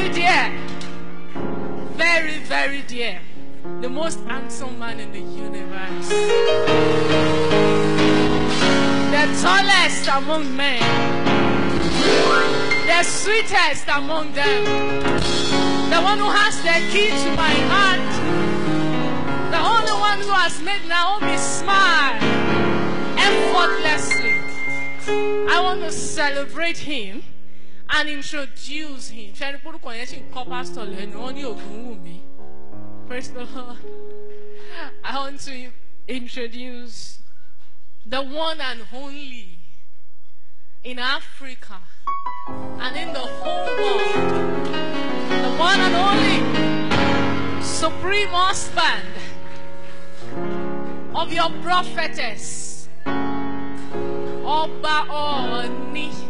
very dear. Very, very dear. The most handsome man in the universe. The tallest among men. The sweetest among them. The one who has the key to my heart. The only one who has made Naomi smile effortlessly. I want to celebrate him and introduce him ṣe àdìpọ̀ orúkọ yẹn ṣì ń kọ́ pásítọ̀ lẹ́nu wọn ní Ògúnwùmí First of all, I want to introduce the one and only in Africa and in the whole world the one and only supreme husband of your prophetess Ọba Ọọ̀ni.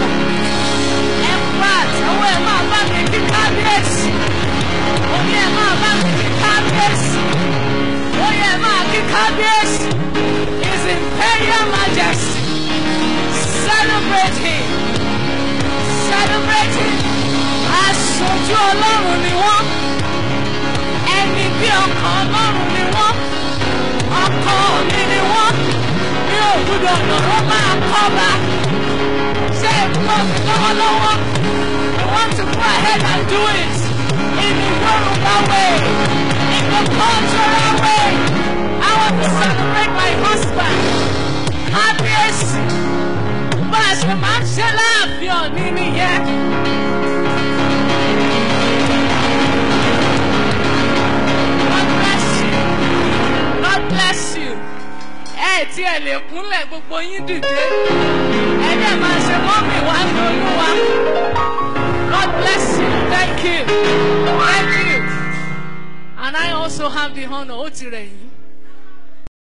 Glorious is Imperial Majesty. Celebrate Him. Celebrate Him. Aṣojú Ọlọ́run ni wọ́n. Ẹni bí ọkọ Ọlọ́run you wọ́n. Ọkọ mi ni wọ́n. Mi ò gbúdọ̀ lọ́rọ́ máa kọ́ bá. Ṣé nǹkan lọ́wọ́lọ́wọ́? I want to go ahead and do it. In the world, mercy bá a ṣe máa ń ṣe láàfin ọ̀ní God bless you God bless you ẹ tí ẹ lè kúnlẹ̀ gbogbo yín dìde ẹ dẹ̀ máa ṣe mọ́mì wá ní olúwa. God bless you thank you thank you and I also have the honour ó ti rẹ̀ yín.